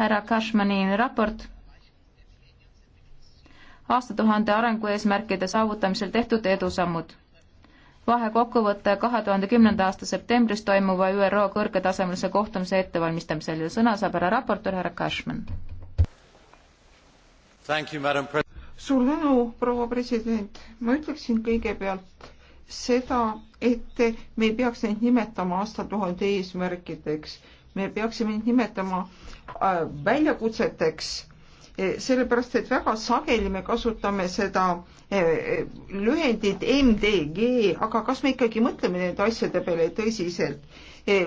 härra Cashmani raport aastatuhande arengueesmärkide saavutamisel tehtud edusammud. vahekokkuvõte kahe tuhande kümnenda aasta septembris toimuva ÜRO kõrgetasemelise kohtumise ettevalmistamisel ja sõna saab härra raportöör härra Cashman. suur tänu, proua president, ma ütleksin kõigepealt seda, et me ei peaks neid nimetama aastatuhande eesmärkideks, me peaksime neid nimetama äh, Äh, väljakutseteks, e, sellepärast et väga sageli me kasutame seda e, e, lühendit MDG, aga kas me ikkagi mõtleme nende asjade peale tõsiselt?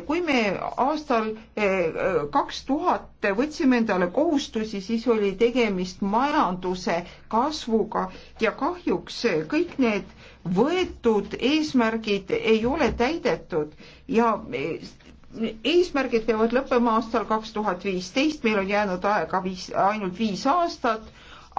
kui me aastal kaks tuhat võtsime endale kohustusi, siis oli tegemist majanduse kasvuga ja kahjuks kõik need võetud eesmärgid ei ole täidetud ja eesmärgid peavad lõppema aastal kaks tuhat viisteist, meil on jäänud aega viis, ainult viis aastat,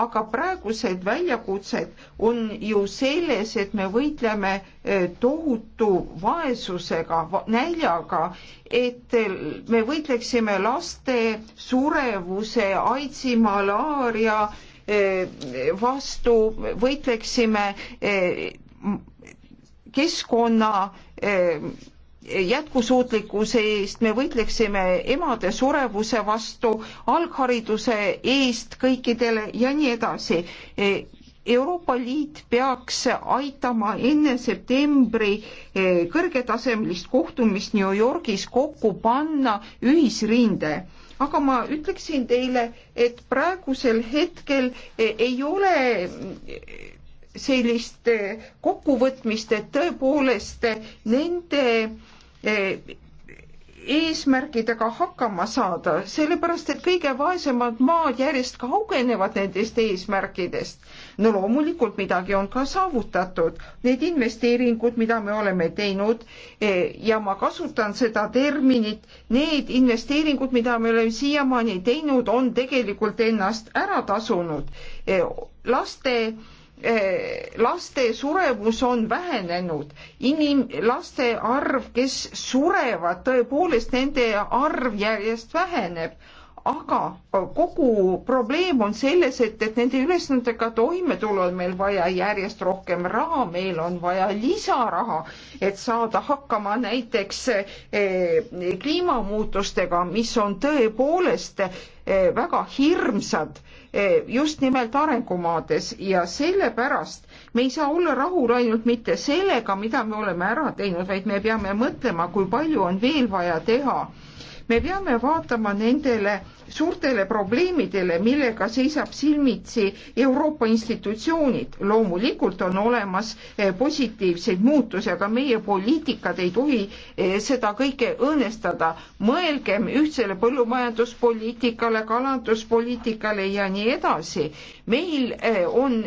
aga praegused väljakutsed on ju selles, et me võitleme eh, tohutu vaesusega, näljaga, et eh, me võitleksime laste surevuse, aidsi, malaaria eh, vastu, võitleksime keskkonna jätkusuutlikkuse eest, me võitleksime emade surevuse vastu, alghariduse eest kõikidele ja nii edasi. E, Euroopa Liit peaks aitama enne septembri e, kõrgetasemelist kohtumist New Yorgis kokku panna ühisrinde aga ma ütleksin teile, et praegusel hetkel e, ei ole sellist kokkuvõtmist, et tõepoolest nende Eh, eesmärkidega hakkama saada, sellepärast et kõige vaesemad maad järjest kaugenevad nendest eesmärkidest. no loomulikult midagi on ka saavutatud, need investeeringud, mida me oleme teinud eh, ja ma kasutan seda terminit, need investeeringud, mida me oleme siiamaani teinud, on tegelikult ennast ära tasunud. Eh, laste Eh, laste suremus on vähenenud, inim-, laste arv, kes surevad, tõepoolest nende arv järjest väheneb, aga kogu probleem on selles, et, et nende ülesannetega toime tulla on meil vaja järjest rohkem raha, meil on vaja lisaraha, et saada hakkama näiteks eh, kliimamuutustega, mis on tõepoolest eh, väga hirmsad eh, Eh, just nimelt arengumaades ja sellepärast me ei saa olla rahul ainult mitte sellega, mida me oleme ära teinud, vaid me peame mõtlema, kui palju on veel vaja teha. me peame vaatama nendele suurtele probleemidele, millega seisab silmitsi Euroopa institutsioonid. loomulikult on olemas eh, positiivseid muutusi, aga meie poliitikad ei tohi eh, seda kõike õõnestada. mõelgem ühtsele põllumajanduspoliitikale, kalanduspoliitikale ja nii edasi. meil eh, on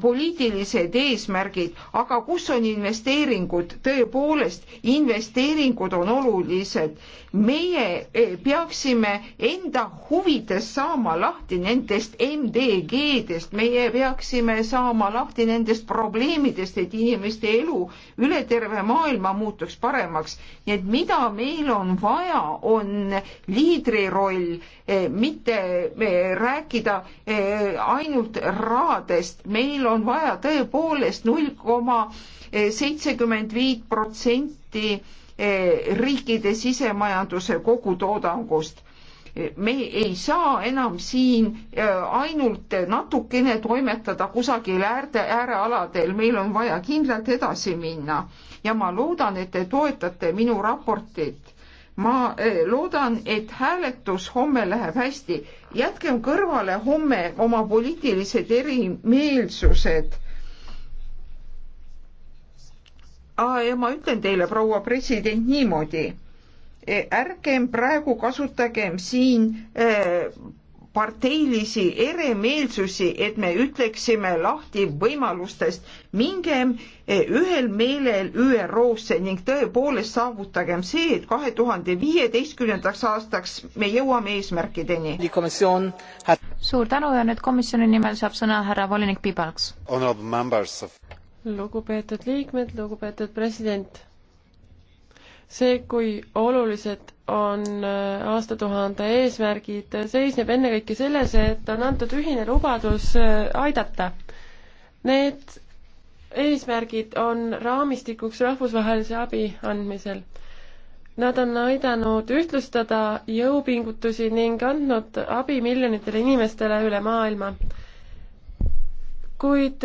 poliitilised eesmärgid, aga kus on investeeringud, tõepoolest, investeeringud on olulised. meie peaksime enda enda huvides saama lahti nendest MDG-dest, meie peaksime saama lahti nendest probleemidest, et inimeste elu üle terve maailma muutuks paremaks. nii et mida meil on vaja, on liidri roll, eh, mitte eh, rääkida eh, ainult rahadest, meil on vaja tõepoolest null koma seitsekümmend viit protsenti riikide sisemajanduse kogutoodangust me ei saa enam siin äh, ainult natukene toimetada kusagil äärde, äärealadel, meil on vaja kindlalt edasi minna ja ma loodan, et te toetate minu raportit. ma äh, loodan, et hääletus homme läheb hästi. jätkem kõrvale homme oma poliitilised erimeelsused Aa, ja ma ütlen teile, proua president, niimoodi. Eh, ärgem praegu kasutagem siin eh, parteilisi eremeelsusi, et me ütleksime lahti võimalustest, mingem eh, ühel meelel ÜRO-sse ning tõepoolest saavutagem see, et kahe tuhande viieteistkümnendaks aastaks me jõuame eesmärkideni. suur tänu ja nüüd komisjoni nimel saab sõna härra volinik Pibalks. lugupeetud liikmed, lugupeetud president see, kui olulised on äh, aastatuhande eesmärgid, äh, seisneb ennekõike selles, et on antud ühine lubadus äh, aidata. Need eesmärgid on raamistikuks rahvusvahelise abi andmisel. Nad on aidanud ühtlustada jõupingutusi ning andnud abi miljonitele inimestele üle maailma kuid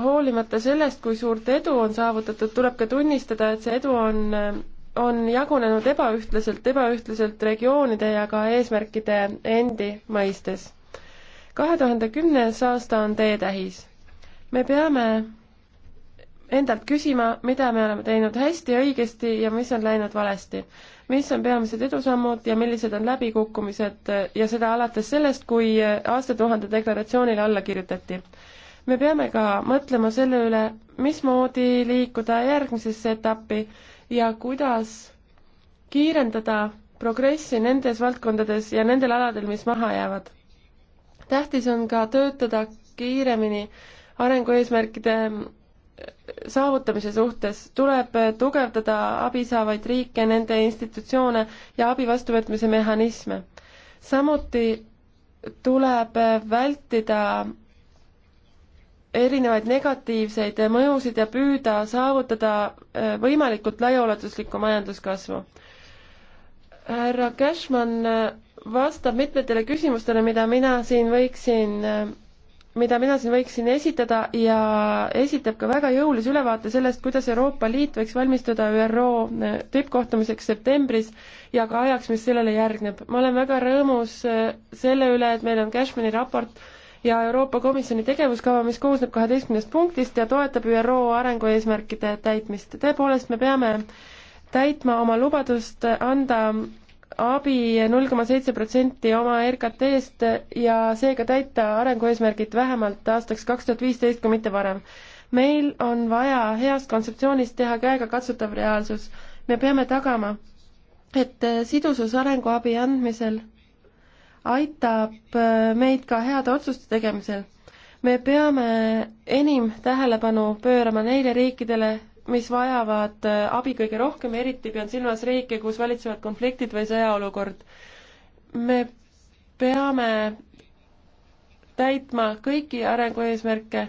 hoolimata sellest, kui suurt edu on saavutatud, tuleb ka tunnistada, et see edu on on jagunenud ebaühtlaselt, ebaühtlaselt regioonide ja ka eesmärkide endi mõistes. kahe tuhande kümnes aasta on teetähis. me peame endalt küsima, mida me oleme teinud hästi, õigesti ja mis on läinud valesti. mis on peamised edusammud ja millised on läbikukkumised ja seda alates sellest, kui aastatuhande deklaratsioonile alla kirjutati. me peame ka mõtlema selle üle, mismoodi liikuda järgmisesse etappi ja kuidas kiirendada progressi nendes valdkondades ja nendel aladel, mis maha jäävad. tähtis on ka töötada kiiremini arengueesmärkide äh, saavutamise suhtes tuleb äh, tugevdada abi saavaid riike, nende institutsioone ja abi vastuvõtmise mehhanisme. samuti tuleb äh, vältida erinevaid negatiivseid mõjusid ja püüda saavutada äh, võimalikult laiaulatuslikku majanduskasvu. härra Cashman äh, vastab mitmetele küsimustele, mida mina siin võiksin, äh, mida mina siin võiksin esitada ja esitab ka väga jõulise ülevaate sellest, kuidas Euroopa Liit võiks valmistuda ÜRO tippkohtumiseks septembris ja ka ajaks, mis sellele järgneb. ma olen väga rõõmus selle üle, et meil on Cashmani raport ja Euroopa Komisjoni tegevuskava, mis koosneb kaheteistkümnest punktist ja toetab ÜRO arengueesmärkide täitmist. tõepoolest, me peame täitma oma lubadust anda abi null koma seitse protsenti oma RKT-st ja seega täita arengueesmärgid vähemalt aastaks kaks tuhat viisteist, kui mitte varem. meil on vaja heast kontseptsioonist teha käegakatsutav reaalsus. me peame tagama, et sidusus arenguabi andmisel aitab äh, meid ka heade otsuste tegemisel. me peame enim tähelepanu pöörama neile riikidele, mis vajavad äh, abi kõige rohkem, eriti pean silmas riike, kus valitsevad konfliktid või sõjaolukord. me peame täitma kõiki arengueesmärke,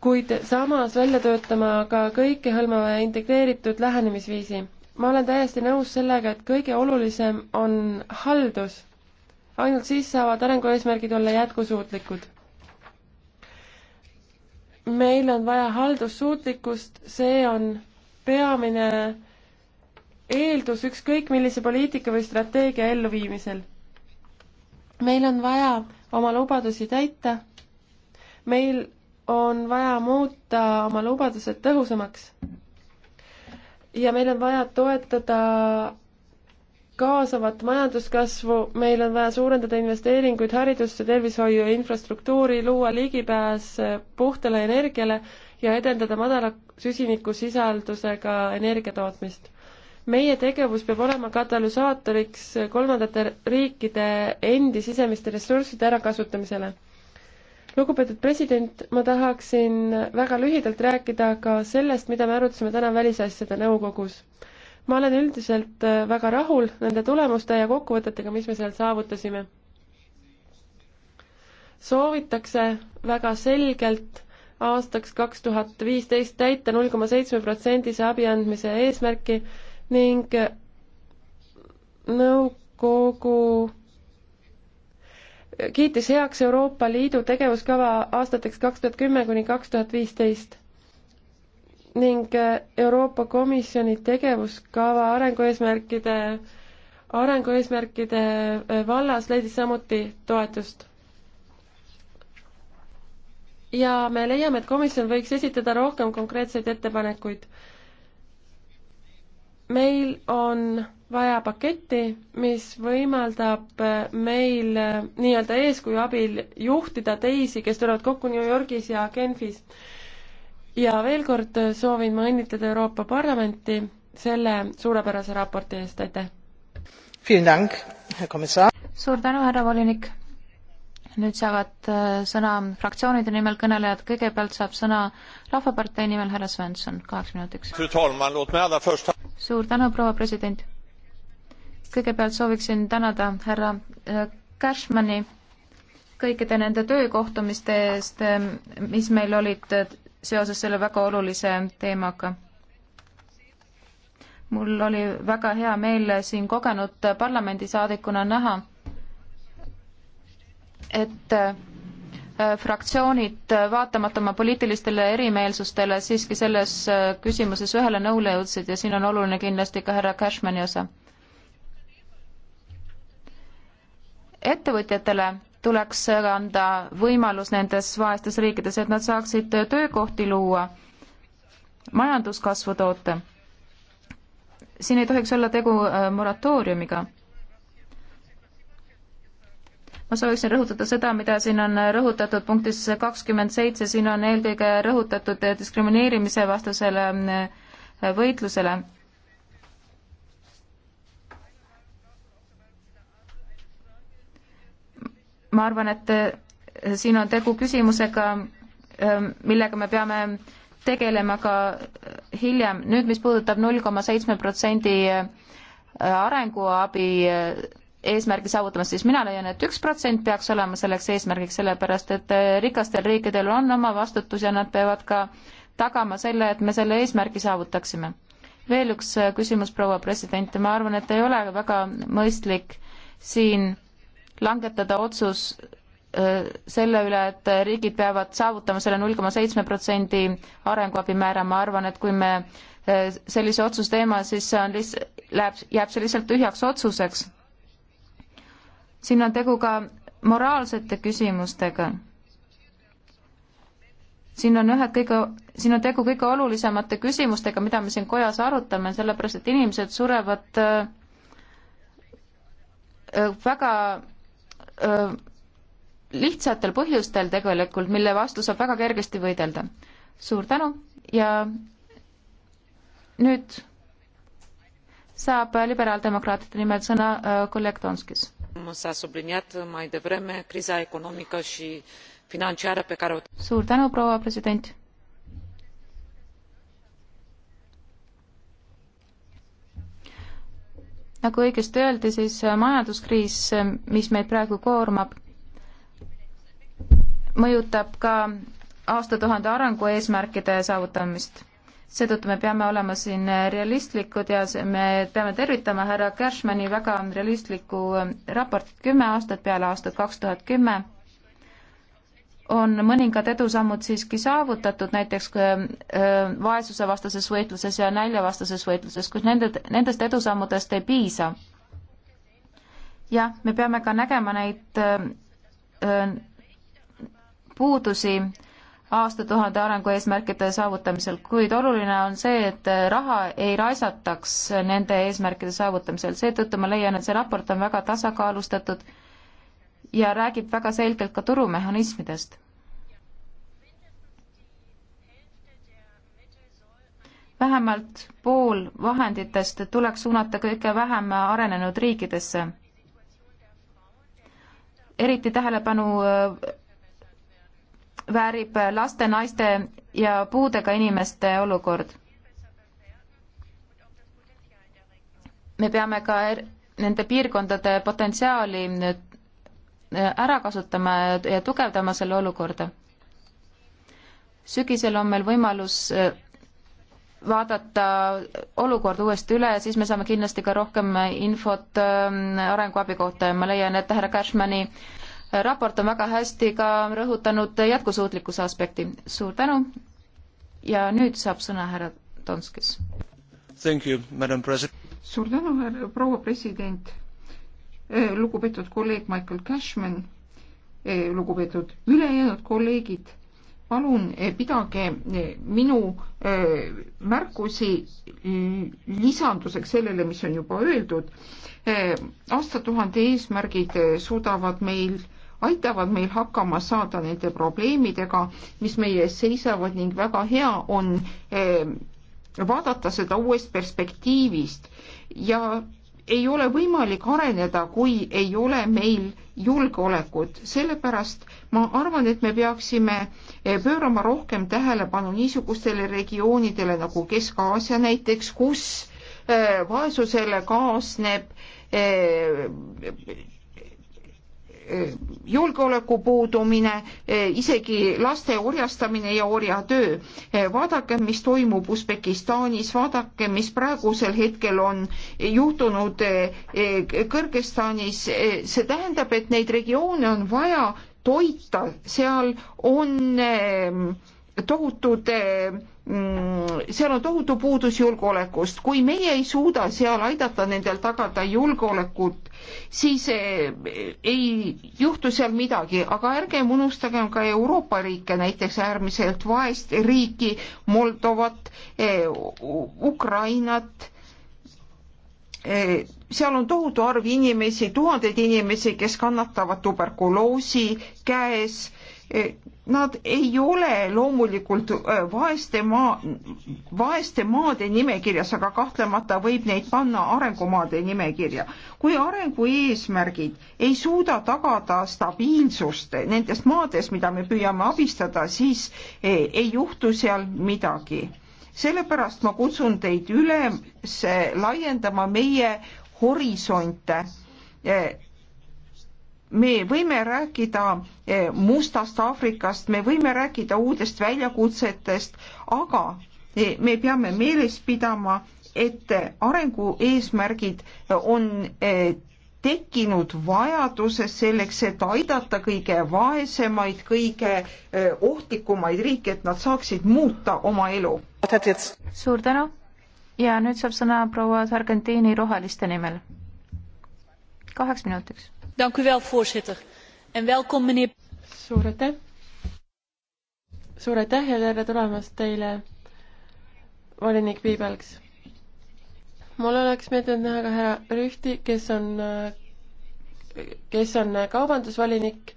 kuid samas välja töötama ka kõikehõlmava ja integreeritud lähenemisviisi. ma olen täiesti nõus sellega, et kõige olulisem on haldus ainult siis saavad arengueesmärgid olla jätkusuutlikud. meil on vaja haldussuutlikkust, see on peamine eeldus ükskõik millise poliitika või strateegia elluviimisel. meil on vaja oma lubadusi täita, meil on vaja muuta oma lubadused tõhusamaks ja meil on vaja toetada kaasavat majanduskasvu, meil on vaja suurendada investeeringuid haridusse, tervishoiu ja infrastruktuuri, luua ligipääs puhtale energiale ja edendada madala süsinikusisaldusega energia tootmist. meie tegevus peab olema katalüsaatoriks kolmandate riikide endi sisemiste ressursside ärakasutamisele. lugupeetud president, ma tahaksin väga lühidalt rääkida ka sellest, mida me arutasime täna Välisasjade Nõukogus ma olen üldiselt äh, väga rahul nende tulemuste ja kokkuvõtetega, mis me seal saavutasime. soovitakse väga selgelt aastaks kaks tuhat viisteist täita null koma seitsme protsendise abi andmise eesmärki ning äh, nõukogu äh, kiitis heaks Euroopa Liidu tegevuskava aastateks kaks tuhat kümme kuni kaks tuhat viisteist ning äh, Euroopa Komisjoni tegevuskava arengueesmärkide, arengueesmärkide äh, vallas leidis samuti toetust. ja me leiame, et komisjon võiks esitada rohkem konkreetseid ettepanekuid. meil on vaja paketti, mis võimaldab äh, meil nii-öelda eeskuju abil juhtida teisi, kes tulevad kokku New Yorgis ja Genfis ja veel kord äh, soovin ma õnnitleda Euroopa Parlamenti selle suurepärase raporti eest, aitäh! suur tänu, härra volinik! nüüd saavad äh, sõna fraktsioonide nimel kõnelejad, kõigepealt saab sõna Rahvapartei nimel härra Svensson, kaheks minutiks. suur tänu, proua president! kõigepealt sooviksin tänada härra äh, Cashmani kõikide nende töökohtumiste eest, mis meil olid seoses selle väga olulise teemaga. mul oli väga hea meel siin kogenud parlamendisaadikuna näha, et äh, fraktsioonid äh, vaatamata oma poliitilistele erimeelsustele siiski selles äh, küsimuses ühele nõule jõudsid ja siin on oluline kindlasti ka härra Cashmani osa. ettevõtjatele tuleks anda võimalus nendes vaestes riikides, et nad saaksid töökohti luua, majanduskasvu toota. siin ei tohiks olla tegu äh, moratooriumiga. ma sooviksin rõhutada seda, mida siin on rõhutatud punktis kakskümmend seitse, siin on eelkõige rõhutatud diskrimineerimise vastasele äh, võitlusele ma arvan, et äh, siin on tegu küsimusega, äh, millega me peame tegelema ka äh, hiljem. nüüd, mis puudutab null koma seitsme protsendi arenguabi eesmärgi saavutamist, siis mina leian, et üks protsent peaks olema selleks eesmärgiks, sellepärast et rikastel riikidel on oma vastutus ja nad peavad ka tagama selle, et me selle eesmärgi saavutaksime. veel üks küsimus, proua president, ma arvan, et ei ole väga mõistlik siin langetada otsus äh, selle üle, et riigid peavad saavutama selle null koma seitsme protsendi arenguabi määra, ma arvan, et kui me äh, sellise otsuse teeme, siis see on lihtsalt, läheb, jääb see lihtsalt tühjaks otsuseks. siin on tegu ka moraalsete küsimustega. siin on ühed kõige, siin on tegu kõige olulisemate küsimustega, mida me siin kojas arutame, sellepärast et inimesed surevad äh, väga öö, lihtsatel põhjustel tegelikult, mille vastu saab väga kergesti võidelda. suur tänu ja nüüd saab liberaaldemokraatide nimel sõna kolleeg Donskis. suur tänu, proua president nagu õigesti öeldi, siis äh, majanduskriis, äh, mis meid praegu koormab, mõjutab ka aastatuhande arengu eesmärkide saavutamist. seetõttu me peame olema siin äh, realistlikud ja me peame tervitama härra Cashmani väga realistlikku raportit kümme aastat peale aastat kaks tuhat kümme on mõningad edusammud siiski saavutatud, näiteks äh, äh, vaesusevastases võitluses ja näljavastases võitluses, kus nende, nendest edusammudest ei piisa. jah, me peame ka nägema neid äh, puudusi aastatuhande arengueesmärkide saavutamisel, kuid oluline on see, et raha ei raisataks nende eesmärkide saavutamisel, seetõttu ma leian, et see raport on väga tasakaalustatud ja räägib väga selgelt ka turumehhanismidest. vähemalt pool vahenditest tuleks suunata kõige vähem arenenud riikidesse. eriti tähelepanu äh, väärib laste, naiste ja puudega inimeste olukord. me peame ka er-, nende piirkondade potentsiaali nüüd ära kasutama ja tugevdama selle olukorda. sügisel on meil võimalus äh, vaadata olukord uuesti üle ja siis me saame kindlasti ka rohkem infot ähm, arenguabi kohta ja ma leian, et härra Cashmani äh, raport on väga hästi ka rõhutanud jätkusuutlikkuse aspekti. suur tänu ja nüüd saab sõna härra Donskis. suur tänu, härra proua president Eh, lugupeetud kolleeg Michael Cashman, eh, lugupeetud ülejäänud kolleegid, palun eh, pidage minu märkusi lisanduseks sellele, mis on juba öeldud. aastatuhande eesmärgid suudavad meil aitavad meil hakkama saada nende probleemidega, mis meie ees seisavad ning väga hea on vaadata seda uuest perspektiivist ja ei ole võimalik areneda, kui ei ole meil julgeolekut. sellepärast ma arvan, et me peaksime eh, pöörama rohkem tähelepanu niisugustele regioonidele nagu Kesk-Aasia näiteks, kus eh, vaesusele kaasneb eh, Eh, julgeoleku puudumine, eh, isegi laste orjastamine ja orjatöö. Eh, vaadake, mis toimub Usbekistanis, vaadake, mis praegusel hetkel on juhtunud Kõrgõzstanis. see tähendab, et neid regioone on vaja toita, seal on tohutud Mm, seal on tohutu puudus julgeolekust, kui meie ei suuda seal aidata nendel tagada julgeolekut, siis eh, ei juhtu seal midagi, aga ärgem unustagem ka Euroopa riike, näiteks äärmiselt vaest riiki, Moldovat, eh, Ukrainat eh, seal on tohutu arv inimesi, tuhandeid inimesi, kes kannatavad tuberkuloosi käes, Nad ei ole loomulikult vaeste maa, vaeste maade nimekirjas, aga kahtlemata võib neid panna arengumaade nimekirja. kui arengu eesmärgid ei suuda tagada stabiilsust nendes maades, mida me püüame abistada, siis ei, ei juhtu seal midagi sellepärast ma kutsun teid üles laiendama meie horisonte e, me võime rääkida eh, mustast Aafrikast, me võime rääkida uudest väljakutsetest, aga eh, me peame meeles pidama, et arengu eesmärgid eh, on tekkinud vajaduses selleks, et aidata kõige vaesemaid, kõige ohtlikumaid riike, et nad saaksid muuta oma elu. suur tänu ja nüüd saab sõna proua Sargentini roheliste nimel. kaheks minutiks voorzitter en welkom meneer. suur aitäh suur aitäh ja tere tulemast teile volinik Piibalks mul oleks meeldinud näha ka härra Rühti, kes on, kes on kaubandusvolinik,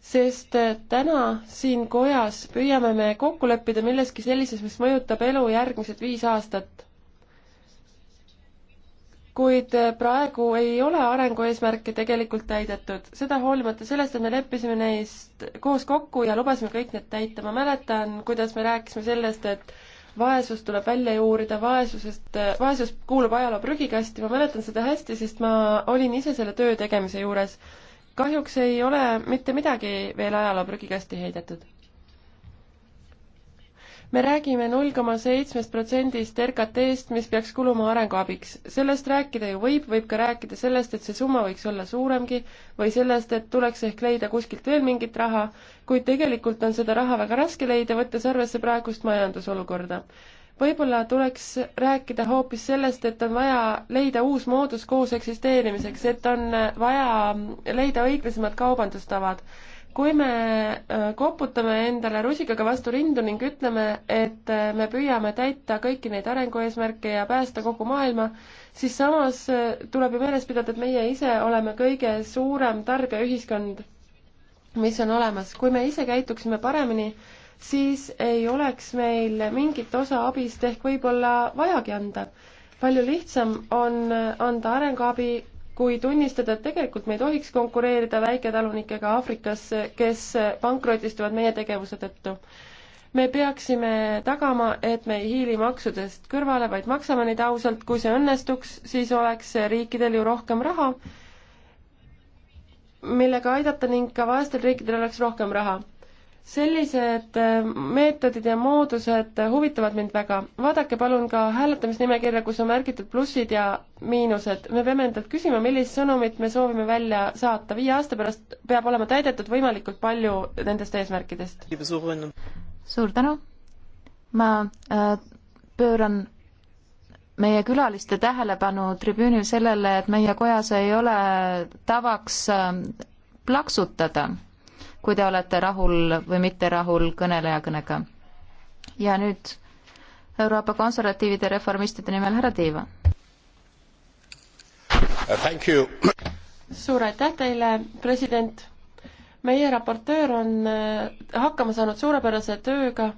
sest täna siin kojas püüame me kokku leppida milleski sellises, mis mõjutab elu järgmised viis aastat kuid äh, praegu ei ole arengueesmärke tegelikult täidetud. seda hoolimata sellest, et me leppisime neist koos kokku ja lubasime kõik need täita. ma mäletan, kuidas me rääkisime sellest, et vaesus tuleb välja juurida, vaesusest, äh, vaesus kuulub ajaloo prügikasti, ma mäletan seda hästi, sest ma olin ise selle töö tegemise juures. kahjuks ei ole mitte midagi veel ajaloo prügikasti heidetud me räägime null koma seitsmest protsendist RKT-st, mis peaks kuluma arenguabiks. sellest rääkida ju võib, võib ka rääkida sellest, et see summa võiks olla suuremgi või sellest, et tuleks ehk leida kuskilt veel mingit raha, kuid tegelikult on seda raha väga raske leida, võttes arvesse praegust majandusolukorda võib-olla tuleks rääkida hoopis sellest, et on vaja leida uus moodus koos eksisteerimiseks, et on vaja leida õiglasemad kaubandustavad kui me äh, koputame endale rusikaga vastu rindu ning ütleme, et äh, me püüame täita kõiki neid arengueesmärke ja päästa kogu maailma, siis samas äh, tuleb ju meeles pidada, et meie ise oleme kõige suurem tarbijaühiskond, mis on olemas. kui me ise käituksime paremini, siis ei oleks meil mingit osa abist ehk võib-olla vajagi anda palju lihtsam on anda arenguabi kui tunnistada, et tegelikult me ei tohiks konkureerida väiketalunikega Aafrikas, kes pankrotistuvad meie tegevuse tõttu. me peaksime tagama, et me ei hiili maksudest kõrvale, vaid maksame neid ausalt, kui see õnnestuks, siis oleks riikidel ju rohkem raha, millega aidata ning ka vaestel riikidel oleks rohkem raha sellised äh, meetodid ja moodused huvitavad mind väga. vaadake palun ka hääletamisnimekirja, kus on märgitud plussid ja miinused. me peame endalt küsima, millist sõnumit me soovime välja saata. viie aasta pärast peab olema täidetud võimalikult palju nendest eesmärkidest. suur tänu. ma äh, pööran meie külaliste tähelepanu tribüünil sellele, et meie kojas ei ole tavaks äh, plaksutada kui te olete rahul või mitte rahul kõneleja kõnega. ja nüüd Euroopa konservatiivide reformistide nimel härra Tiiva. Uh, suur aitäh teile, president. meie raportöör on uh, hakkama saanud suurepärase tööga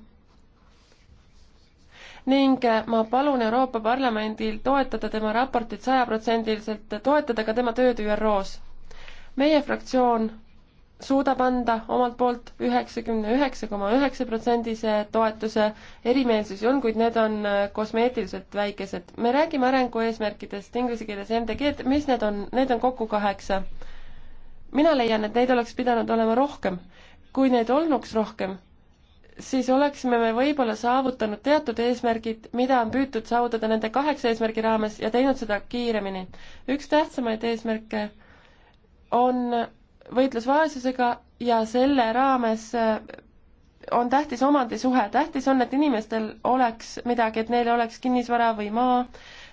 ning uh, ma palun Euroopa Parlamendil toetada tema raportit sajaprotsendiliselt, toetada ka tema tööd ÜRO-s. meie fraktsioon suudab anda omalt poolt üheksakümne üheksa koma üheksa protsendise toetuse, erimeelsusi on, kuid need on äh, kosmeetiliselt väikesed. me räägime arengueesmärkidest inglise keeles MDG-d, mis need on, need on kokku kaheksa. mina leian, et neid oleks pidanud olema rohkem. kui neid olnuks rohkem, siis oleksime me võib-olla saavutanud teatud eesmärgid, mida on püütud saavutada nende kaheksa eesmärgi raames ja teinud seda kiiremini. üks tähtsamaid eesmärke on võitlus vaesusega ja selle raames äh, on tähtis omandisuhe, tähtis on, et inimestel oleks midagi, et neil oleks kinnisvara või maa.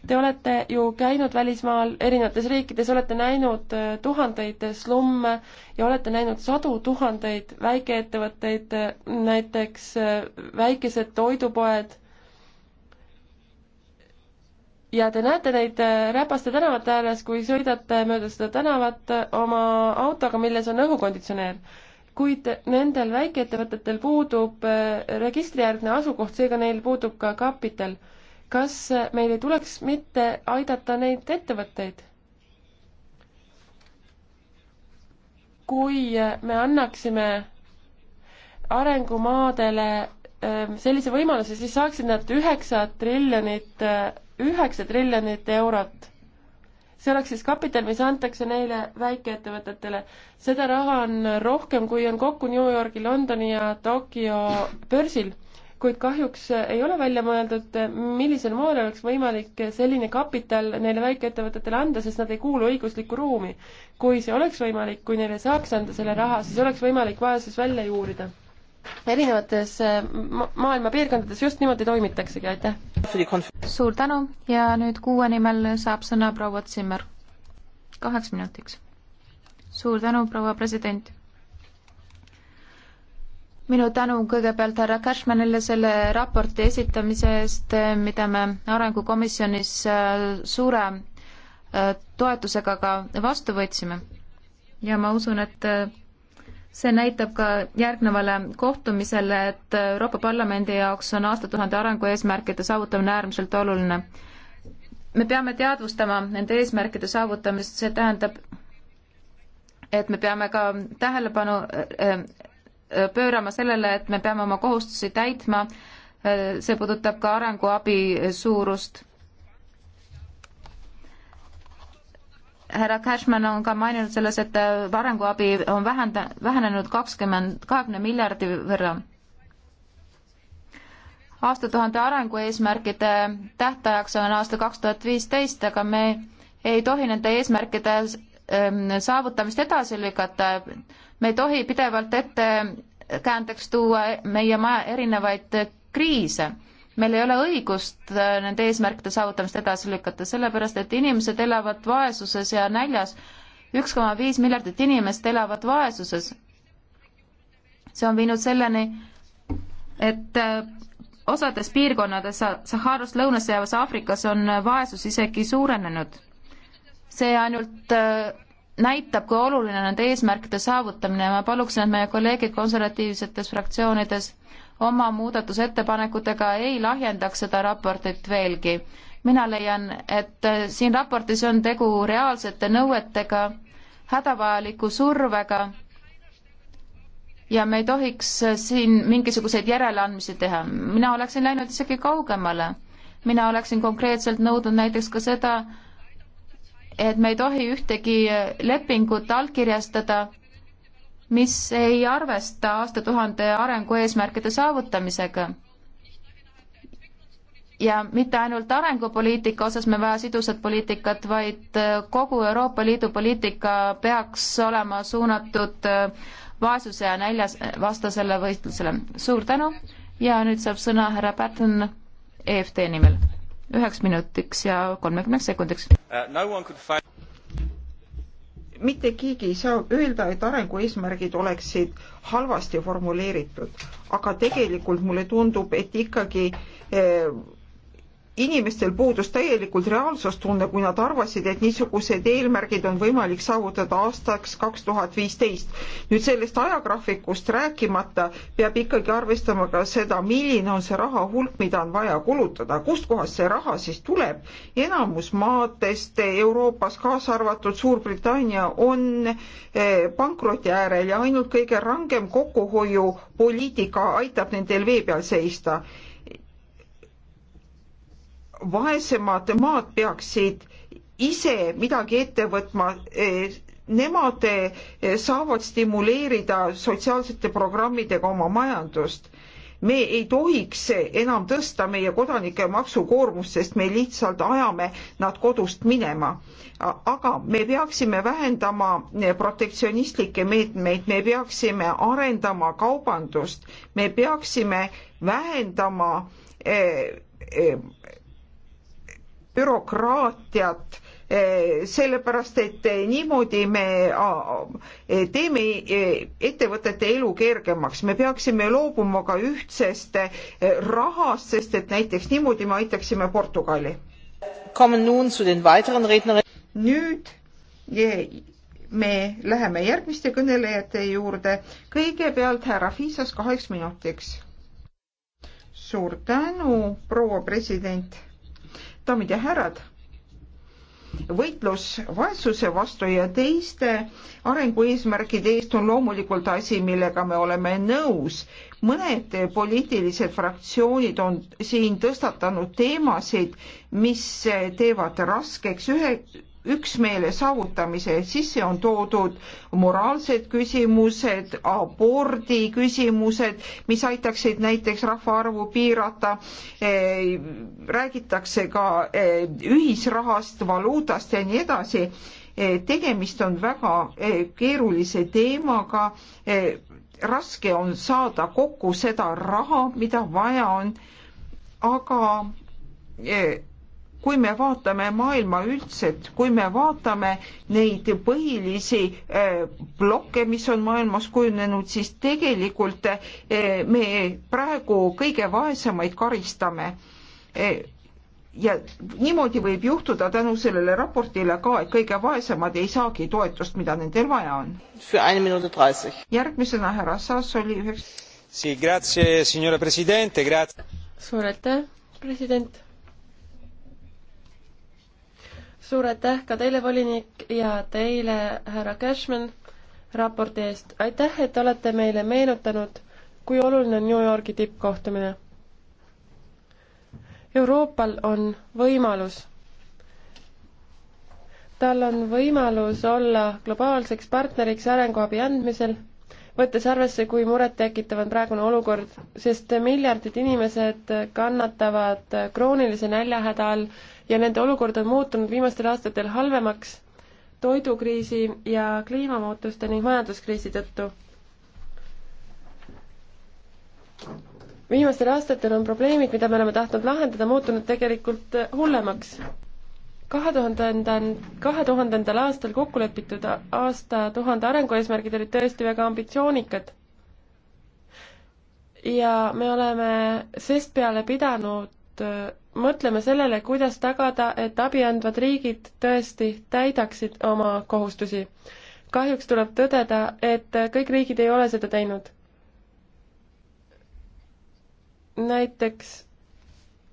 Te olete ju käinud välismaal erinevates riikides, olete näinud äh, tuhandeid slumme ja olete näinud sadu tuhandeid väikeettevõtteid, äh, näiteks väikesed toidupoed ja te näete neid äh, räpaste tänavate ääres, kui sõidate mööda seda tänavat äh, oma autoga, milles on õhukonditsioneer. kuid nendel väikeettevõtetel puudub äh, registrijärgne asukoht, seega neil puudub ka kapital. kas meil ei tuleks mitte aidata neid ettevõtteid? kui me annaksime arengumaadele sellise võimaluse, siis saaksid nad üheksa triljonit üheksa triljonit eurot. see oleks siis kapital, mis antakse neile väikeettevõtetele. seda raha on rohkem, kui on kokku New Yorgi, Londoni ja Tokyo börsil, kuid kahjuks ei ole välja mõeldud, millisel moel oleks võimalik selline kapital neile väikeettevõtetele anda, sest nad ei kuulu õiguslikku ruumi. kui see oleks võimalik, kui neile saaks anda selle raha, siis oleks võimalik vaesus välja juurida erinevates äh, maailma piirkondades just niimoodi toimitaksegi, aitäh! suur tänu ja nüüd kuue nimel saab sõna proua Zimmer. kaheks minutiks. suur tänu, proua president! minu tänu kõigepealt härra Cashmanile selle raporti esitamise eest, mida me Arengukomisjonis äh, suure äh, toetusega ka vastu võtsime. ja ma usun, et see näitab ka järgnevale kohtumisele, et Euroopa Parlamendi jaoks on aastatuhande arengueesmärkide saavutamine äärmiselt oluline. me peame teadvustama nende eesmärkide saavutamist, see tähendab, et me peame ka tähelepanu äh, äh, pöörama sellele, et me peame oma kohustusi täitma, äh, see puudutab ka arenguabi suurust härra Cashman on ka maininud selles, et arenguabi on vähenda-, vähenenud kakskümmend, kahekümne miljardi võrra. aastatuhande arengueesmärkide tähtajaks on aasta kaks tuhat viisteist, aga me ei tohi nende eesmärkide ähm, saavutamist edasi lükata. me ei tohi pidevalt ettekäändeks tuua meie maja erinevaid kriise meil ei ole õigust äh, nende eesmärkide saavutamist edasi lükata, sellepärast et inimesed elavad vaesuses ja näljas. üks koma viis miljardit inimest elavad vaesuses. see on viinud selleni, et äh, osades piirkonnades Saharust lõunasse jäävas Aafrikas on äh, vaesus isegi suurenenud. see ainult näitab, kui oluline on nende eesmärkide saavutamine ja ma paluksin, et meie kolleegid konservatiivsetes fraktsioonides oma muudatusettepanekutega ei lahjendaks seda raportit veelgi. mina leian, et siin raportis on tegu reaalsete nõuetega, hädavajaliku survega ja me ei tohiks siin mingisuguseid järeleandmisi teha. mina oleksin läinud isegi kaugemale. mina oleksin konkreetselt nõudnud näiteks ka seda, et me ei tohi ühtegi lepingut allkirjastada mis ei arvesta aastatuhande arengueesmärkide saavutamisega. ja mitte ainult arengupoliitika osas me vaja sidusat poliitikat, vaid äh, kogu Euroopa Liidu poliitika peaks olema suunatud äh, vaesuse ja näljas äh, vastasele võistlusele. suur tänu ja nüüd saab sõna härra Patten EFT nimel üheks minutiks ja kolmekümneks sekundiks uh,. No mitte keegi ei saa öelda, et arengueesmärgid oleksid halvasti formuleeritud, aga tegelikult mulle tundub, et ikkagi eh, inimestel puudus täielikult reaalsustunne, kui nad arvasid, et niisugused eelmärgid on võimalik saavutada aastaks kaks tuhat viisteist. nüüd sellest ajagraafikust rääkimata peab ikkagi arvestama ka seda, milline on see raha hulk, mida on vaja kulutada, kustkohast see raha siis tuleb. enamus maadest Euroopas, kaasa arvatud Suurbritannia, on eh, pankroti äärel ja ainult kõige rangem kokkuhoiupoliitika aitab nendel vee peal seista vaesemad maad peaksid ise midagi ette võtma. Eh, nemad eh, saavad stimuleerida sotsiaalsete programmidega oma majandust. me ei tohiks enam tõsta meie kodanike maksukoormust, sest me lihtsalt ajame nad kodust minema. aga me peaksime vähendama eh, protektsionistlikke meetmeid, me peaksime arendama kaubandust, me peaksime vähendama eh, eh, bürokraatiat, eh, sellepärast et eh, niimoodi me eh, teeme ettevõtete elu kergemaks. me peaksime loobuma ka ühtsest rahast, sest et näiteks niimoodi me aitaksime Portugali. nüüd me läheme järgmiste kõnelejate juurde. kõigepealt härra Fiisas kaheks minutiks. suur tänu, proua president daamid ja härrad, võitlus vaesuse vastu ja teiste arengueesmärkide eest on loomulikult asi, millega me oleme nõus. mõned poliitilised fraktsioonid on siin tõstatanud teemasid, mis teevad raskeks ühe üksmeele saavutamise, sisse on toodud moraalsed küsimused, abordi küsimused, mis aitaksid näiteks rahvaarvu piirata. Eh, räägitakse ka eh, ühisrahast, valuutast ja nii edasi. Eh, tegemist on väga keerulise teemaga. raske on saada kokku seda raha, mida vaja on, aga kui me vaatame maailma üldset, kui me vaatame neid põhilisi äh, blokke, mis on maailmas kujunenud, siis tegelikult äh, me praegu kõige vaesemaid karistame. Äh, ja niimoodi võib juhtuda tänu sellele raportile ka, et kõige vaesemad ei saagi toetust, mida nendel vaja on. järgmisena härra Sassoli üheks. suur aitäh, president suur aitäh ka teile, volinik, ja teile, härra Cashman, raporti eest. aitäh, et olete meile meenutanud, kui oluline on New Yorgi tippkohtumine. Euroopal on võimalus. tal on võimalus olla globaalseks partneriks arenguabi andmisel võttes arvesse, kui murettekitav on praegune olukord, sest miljardid inimesed kannatavad kroonilise näljahäda all ja nende olukord on muutunud viimastel aastatel halvemaks toidukriisi ja kliimamuutuste ning majanduskriisi tõttu. viimastel aastatel on probleemid, mida me oleme tahtnud lahendada, muutunud tegelikult hullemaks kahe tuhandendal, kahe tuhandendal aastal kokku lepitud aastatuhande arengueesmärgid olid tõesti väga ambitsioonikad. ja me oleme sestpeale pidanud mõtleme sellele, kuidas tagada, et abi andvad riigid tõesti täidaksid oma kohustusi. kahjuks tuleb tõdeda, et kõik riigid ei ole seda teinud. näiteks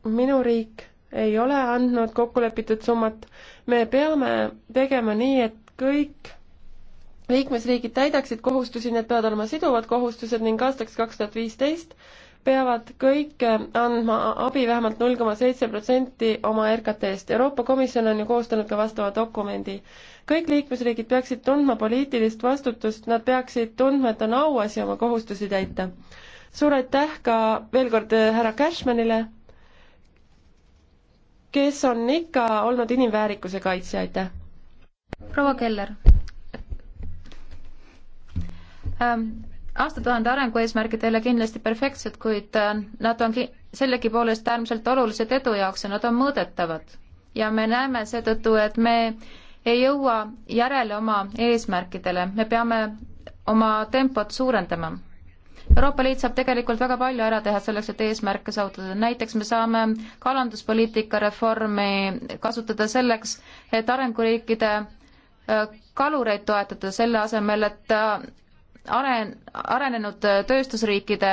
minu riik ei ole andnud kokkulepitud summat. me peame tegema nii, et kõik liikmesriigid täidaksid kohustusi, need peavad olema siduvad kohustused ning aastaks kaks tuhat viisteist peavad kõik andma abi vähemalt null koma seitse protsenti oma RKT-st. Euroopa Komisjon on ju koostanud ka vastava dokumendi. kõik liikmesriigid peaksid tundma poliitilist vastutust, nad peaksid tundma, et on auasi oma kohustusi täita. suur aitäh ka veel kord äh, härra Cashmanile, kes on ikka olnud inimväärikuse kaitsja, aitäh! proua Keller ähm, aastatuhande arengueesmärgid ei ole kindlasti perfektsed, kuid äh, nad on sellegipoolest äärmiselt olulised edu jaoks ja nad on mõõdetavad. ja me näeme seetõttu, et me ei jõua järele oma eesmärkidele, me peame oma tempot suurendama. Euroopa Liit saab tegelikult väga palju ära teha selleks, et eesmärke saavutada, näiteks me saame kalanduspoliitika reformi kasutada selleks, et arenguriikide äh, kalureid toetada, selle asemel, et äh, aren-, arenenud tööstusriikide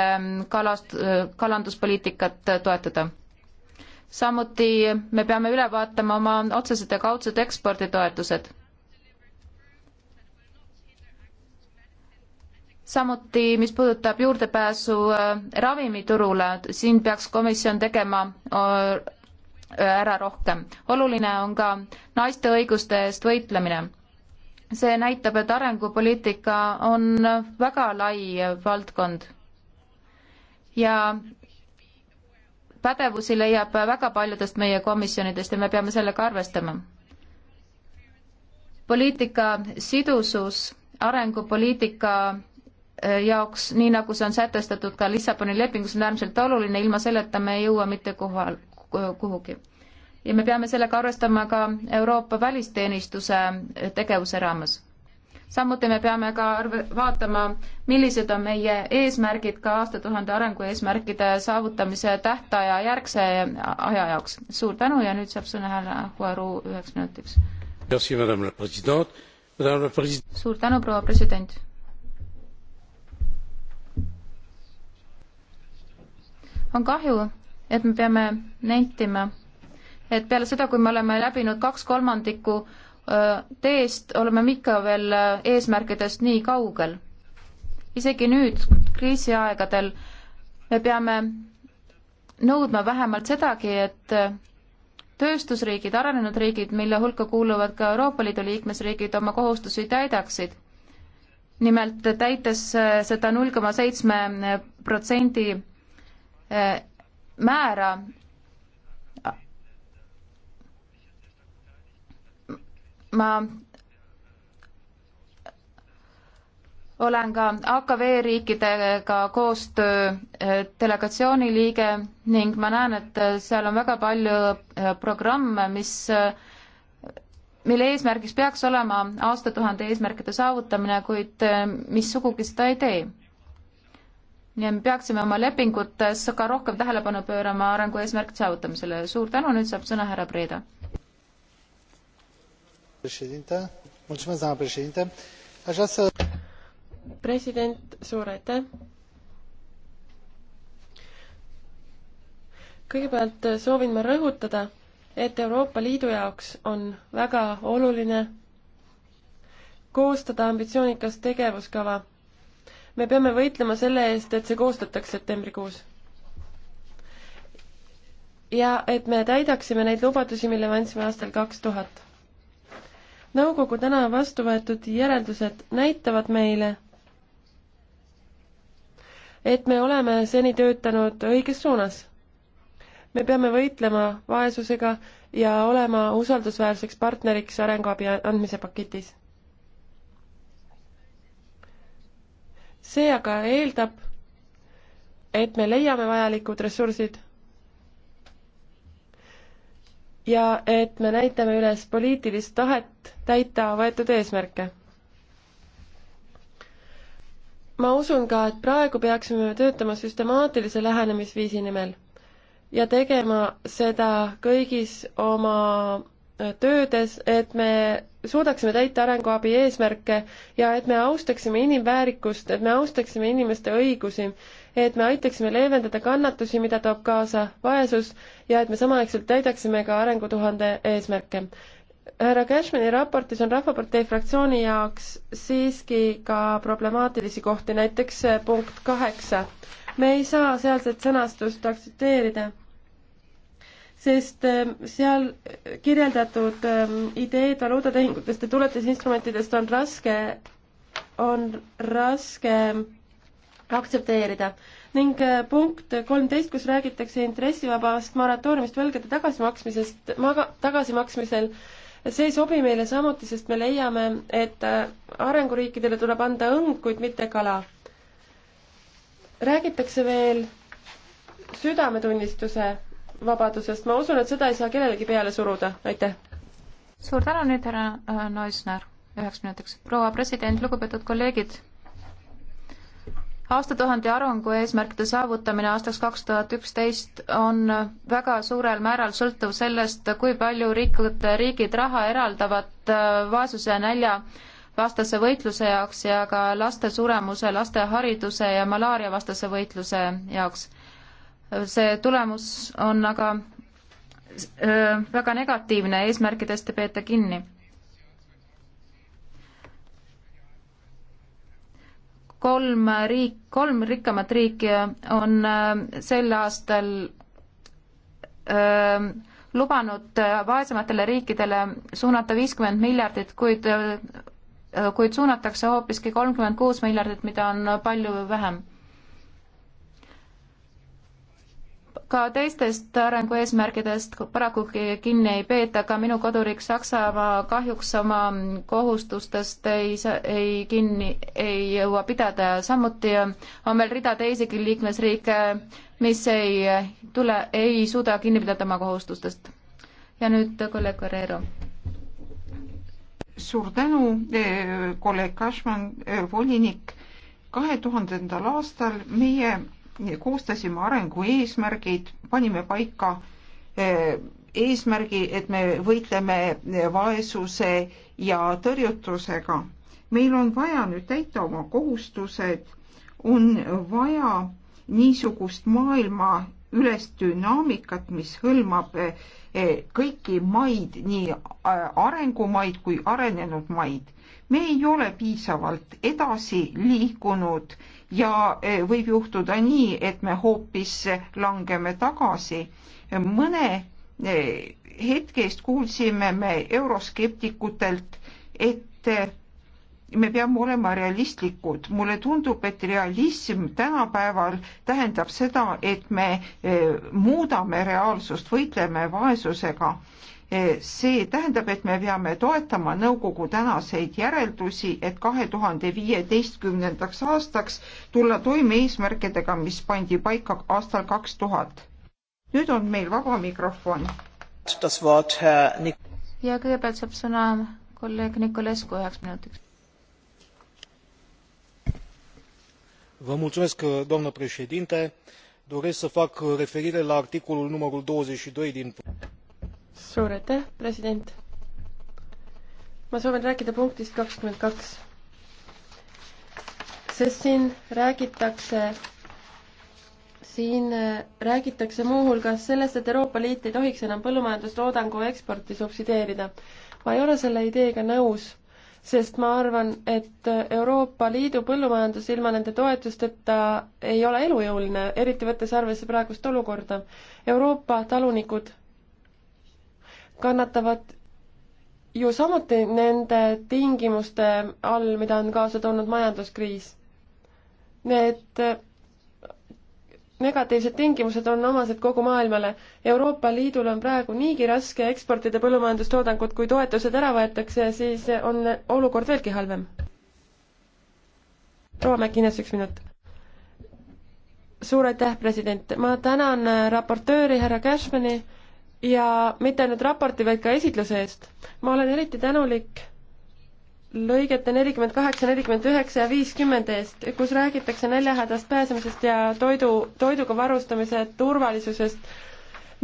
kalast-, kalanduspoliitikat toetada. samuti me peame üle vaatama oma otsesed ja kaudsed eksporditoetused. samuti, mis puudutab juurdepääsu äh, ravimiturule, siin peaks komisjon tegema äh, ära rohkem. oluline on ka naiste õiguste eest võitlemine see näitab, et arengupoliitika on väga lai valdkond ja pädevusi leiab väga paljudest meie komisjonidest ja me peame sellega arvestama. poliitika sidusus arengupoliitika äh, jaoks, nii nagu see on sätestatud ka Lissaboni lepingus, on äärmiselt oluline, ilma selleta me ei jõua mitte kohal, kuhugi ja me peame sellega arvestama ka Euroopa välisteenistuse tegevuse raames. samuti me peame ka arve, vaatama, millised on meie eesmärgid ka aastatuhande arengu eesmärkide saavutamise tähtaja järgse aja jaoks. suur tänu ja nüüd saab sõna härra Huaru üheks minutiks. suur tänu, proua president on kahju, et me peame nentima, et peale seda, kui me oleme läbinud kaks kolmandikku teest, oleme me ikka veel eesmärkidest nii kaugel. isegi nüüd, kriisiaegadel, me peame nõudma vähemalt sedagi, et tööstusriigid, arenenud riigid, mille hulka kuuluvad ka Euroopa Liidu liikmesriigid, oma kohustusi täidaksid. nimelt täites seda null koma seitsme protsendi määra ma olen ka AKV riikidega koostöö eh, delegatsiooni liige ning ma näen, et eh, seal on väga palju eh, programme, mis, mille eesmärgiks peaks olema aastatuhande eesmärkide saavutamine, kuid mis sugugi seda ei tee. nii et me peaksime oma lepingutes ka rohkem tähelepanu pöörama arengueesmärkide saavutamisele. suur tänu, nüüd saab sõna härra Preeda president suur aitäh! kõigepealt äh, soovin ma rõhutada, et Euroopa Liidu jaoks on väga oluline koostada ambitsioonikas tegevuskava. me peame võitlema selle eest, et see koostatakse septembrikuus. ja et me täidaksime neid lubadusi, mille me andsime aastal kaks tuhat nõukogu täna vastu võetud järeldused näitavad meile, et me oleme seni töötanud õiges suunas. me peame võitlema vaesusega ja olema usaldusväärseks partneriks arenguabi andmise paketis. see aga eeldab, et me leiame vajalikud ressursid ja et me näitame üles poliitilist tahet täita võetud eesmärke. ma usun ka, et praegu peaksime töötama süstemaatilise lähenemisviisi nimel ja tegema seda kõigis oma töödes, et me suudaksime täita arenguabi eesmärke ja et me austaksime inimväärikust, et me austaksime inimeste õigusi, et me aitaksime leevendada kannatusi, mida toob kaasa vaesus ja et me samaaegselt täidaksime ka Arengu tuhande eesmärke. härra Cashmani raportis on Rahvapartei fraktsiooni jaoks siiski ka problemaatilisi kohti, näiteks punkt kaheksa. me ei saa sealset sõnastust aktsepteerida sest ähm, seal kirjeldatud ähm, ideed valuutatehingutest ja tuletisinstrumentidest on raske, on raske aktsepteerida. ning äh, punkt kolmteist, kus räägitakse intressivabast moratooriumist võlgade tagasimaksmisest, maga-, tagasimaksmisel, see ei sobi meile samuti, sest me leiame, et äh, arenguriikidele tuleb anda õng, kuid mitte kala. räägitakse veel südametunnistuse vabadusest, ma usun, et seda ei saa kellelegi peale suruda, aitäh. suur tänu nüüd, härra äh, Noisner, üheks minutiks. proua president, lugupeetud kolleegid aastatuhande arengu eesmärkide saavutamine aastaks kaks tuhat üksteist on väga suurel määral sõltuv sellest, kui palju rikud, riigid raha eraldavad äh, vaesuse ja nälja vastase võitluse jaoks ja ka laste suremuse, laste hariduse ja malaaria vastase võitluse jaoks see tulemus on aga väga negatiivne, eesmärkidest ei peeta kinni. kolm riik, kolm rikkamat riiki on sel aastal öö, lubanud vaesematele riikidele suunata viiskümmend miljardit, kuid, kuid suunatakse hoopiski kolmkümmend kuus miljardit, mida on palju vähem ka teistest arengueesmärkidest paraku kinni ei peeta, ka minu koduriik Saksamaa kahjuks oma kohustustest ei saa, ei kinni, ei jõua pidada ja samuti on meil rida teisigi liikmesriike, mis ei tule, ei suuda kinni pidada oma kohustustest. ja nüüd kolleeg Guerrero. suur tänu, eh, kolleeg Kašman, eh, volinik kahe tuhandendal aastal meie koostasime arengu eesmärgid, panime paika eh, eesmärgi, et me võitleme vaesuse ja tõrjutusega. meil on vaja nüüd täita oma kohustused, on vaja niisugust maailma, üles dünaamikat, mis hõlmab eh, kõiki maid, nii äh, arengumaid kui arenenud maid. me ei ole piisavalt edasi liikunud ja eh, võib juhtuda nii, et me hoopis langeme tagasi. mõne eh, hetke eest kuulsime me euroskeptikutelt, et me peame olema realistlikud. mulle tundub, et realism tänapäeval tähendab seda, et me eh, muudame reaalsust, võitleme vaesusega. Eh, see tähendab, et me peame toetama nõukogu tänaseid järeldusi, et kahe tuhande viieteistkümnendaks aastaks tulla toime eesmärkidega, mis pandi paika aastal kaks tuhat. nüüd on meil vaba mikrofon. ja kõigepealt saab sõna kolleeg Nikolescu üheks minutiks doresc să fac referire la articolul numărul douăzeci și doi din. suur aitäh president ma soovin rääkida punktist kakskümmend kaks sest siin räägitakse siin räägitakse muuhulgas sellest, et Euroopa Liit ei tohiks enam põllumajandustoodangu eksporti subsideerida. ma ei ole selle ideega nõus sest ma arvan, et Euroopa Liidu põllumajandus ilma nende toetusteta ei ole elujõuline, eriti võttes arvesse praegust olukorda. Euroopa talunikud kannatavad ju samuti nende tingimuste all, mida on kaasa toonud majanduskriis. Need negatiivsed tingimused on omased kogu maailmale. Euroopa Liidul on praegu niigi raske eksportida põllumajandustoodangut, kui toetused ära võetakse, siis on olukord veelgi halvem. proua Mäkines, üks minut. suur aitäh, president, ma tänan raportööri härra Cashmani ja mitte ainult raporti, vaid ka esitluse eest. ma olen eriti tänulik lõigete nelikümmend kaheksa, nelikümmend üheksa ja viiskümmend eest, kus räägitakse näljahädast pääsemisest ja toidu, toiduga varustamise turvalisusest.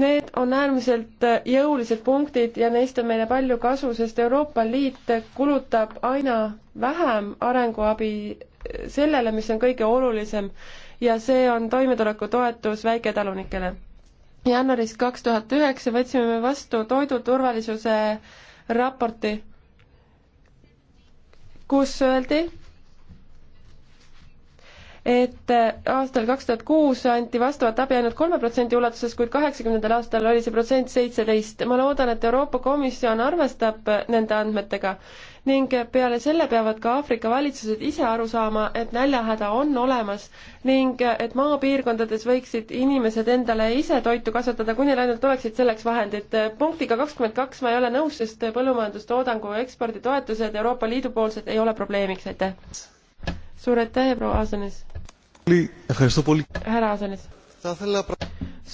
Need on äärmiselt jõulised punktid ja neist on meile palju kasu, sest Euroopa Liit kulutab aina vähem arenguabi sellele, mis on kõige olulisem ja see on toimetulekutoetus väiketalunikele. jaanuaris kaks tuhat üheksa võtsime me vastu toiduturvalisuse raporti kus öeldi, et aastal kaks tuhat kuus anti vastavat abi ainult kolme protsendi ulatuses, kuid kaheksakümnendal aastal oli see protsent seitseteist. ma loodan, et Euroopa Komisjon arvestab nende andmetega ning peale selle peavad ka Aafrika valitsused ise aru saama, et näljahäda on olemas ning et maapiirkondades võiksid inimesed endale ise toitu kasvatada, kui neil ainult oleksid selleks vahendid. punktiga kakskümmend kaks ma ei ole nõus, sest põllumajandustoodangu eksporditoetused Euroopa Liidu poolsed ei ole probleemiks, aitäh. suur aitäh, proua Aasanis. härra Aasanis.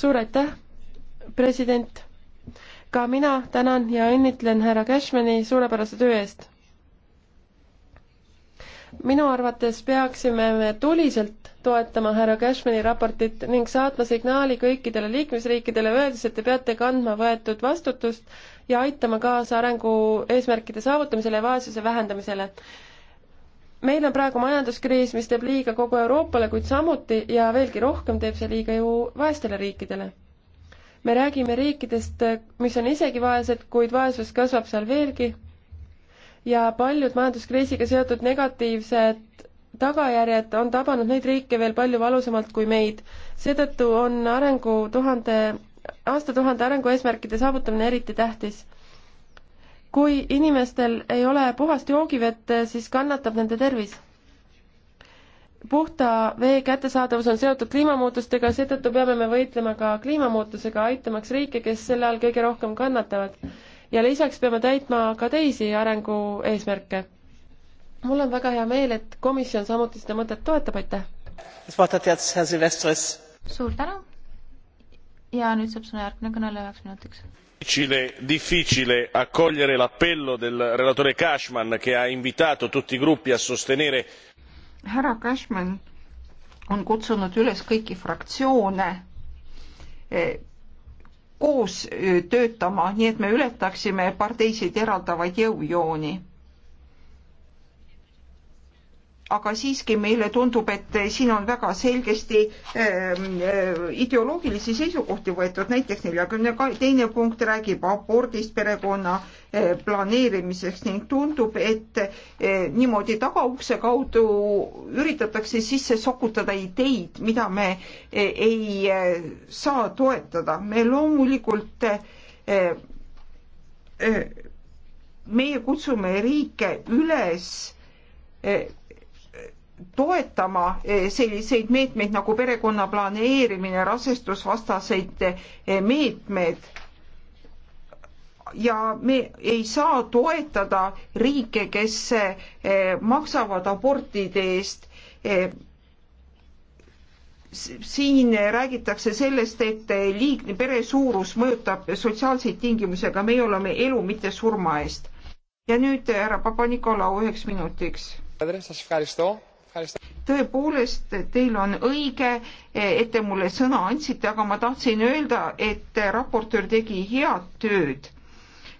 suur aitäh, president ka mina tänan ja õnnitlen härra Cashmani suurepärase töö eest minu arvates peaksime me tuliselt toetama härra Cashmani raportit ning saatma signaali kõikidele liikmesriikidele, öeldes, et te peate kandma võetud vastutust ja aitama kaasa arengu eesmärkide saavutamisele ja vaesuse vähendamisele. meil on praegu majanduskriis, mis teeb liiga kogu Euroopale, kuid samuti ja veelgi rohkem teeb see liiga ju vaestele riikidele. me räägime riikidest, mis on isegi vaesed, kuid vaesus kasvab seal veelgi ja paljud majanduskriisiga seotud negatiivsed tagajärjed on tabanud neid riike veel palju valusamalt kui meid. seetõttu on arengu tuhande, aastatuhande arengueesmärkide saavutamine eriti tähtis. kui inimestel ei ole puhast joogivett, siis kannatab nende tervis. puhta vee kättesaadavus on seotud kliimamuutustega, seetõttu peame me võitlema ka kliimamuutusega, aitamaks riike, kes selle all kõige rohkem kannatavad ja lisaks peame täitma ka teisi arengu eesmärke. mul on väga hea meel, et komisjon samuti seda mõtet toetab, aitäh! suur tänu ja nüüd saab sõna järgmine kõneleja üheks minutiks. Difficile, difficile accogliere l'appello del relatore Cashman che ha invitato tutti i gruppi a sostenere härra Cashman on kutsunud üles kõiki fraktsioone eh, koos töötama, nii et me ületaksime parteisid eraldavaid jõujooni aga siiski meile tundub, et siin on väga selgesti ähm, äh, ideoloogilisi seisukohti võetud, näiteks neljakümne teine punkt räägib abordist perekonna äh, planeerimiseks ning tundub, et äh, niimoodi tagaukse kaudu üritatakse sisse sokutada ideid, mida me ei saa toetada. me loomulikult meie kutsume riike üles toetama eh, selliseid meetmeid nagu perekonna planeerimine, rasestusvastaseid eh, meetmed. ja me ei saa toetada riike, kes eh, maksavad abortide eest. siin räägitakse sellest, et liigne pere suurus mõjutab sotsiaalseid tingimusi, aga meie oleme elu, mitte surma eest. ja nüüd härra Papa-Nikolau üheks minutiks. Σας ευχαριστώ tõepoolest, teil on õige, et te mulle sõna andsite, aga ma tahtsin öelda, et raportöör tegi head tööd.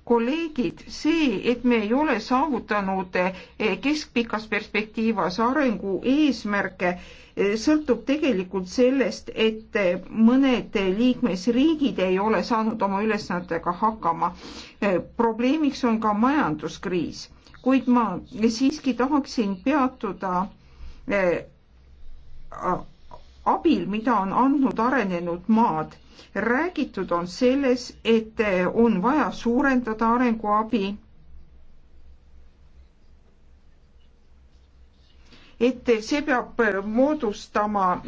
kolleegid, see, et me ei ole saavutanud keskpikas perspektiivas arengu eesmärke, sõltub tegelikult sellest, et mõned liikmesriigid ei ole saanud oma ülesannetega hakkama. probleemiks on ka majanduskriis kuid ma siiski tahaksin peatuda Eh, abil, mida on andnud arenenud maad. räägitud on selles, et eh, on vaja suurendada arenguabi. et see peab eh, moodustama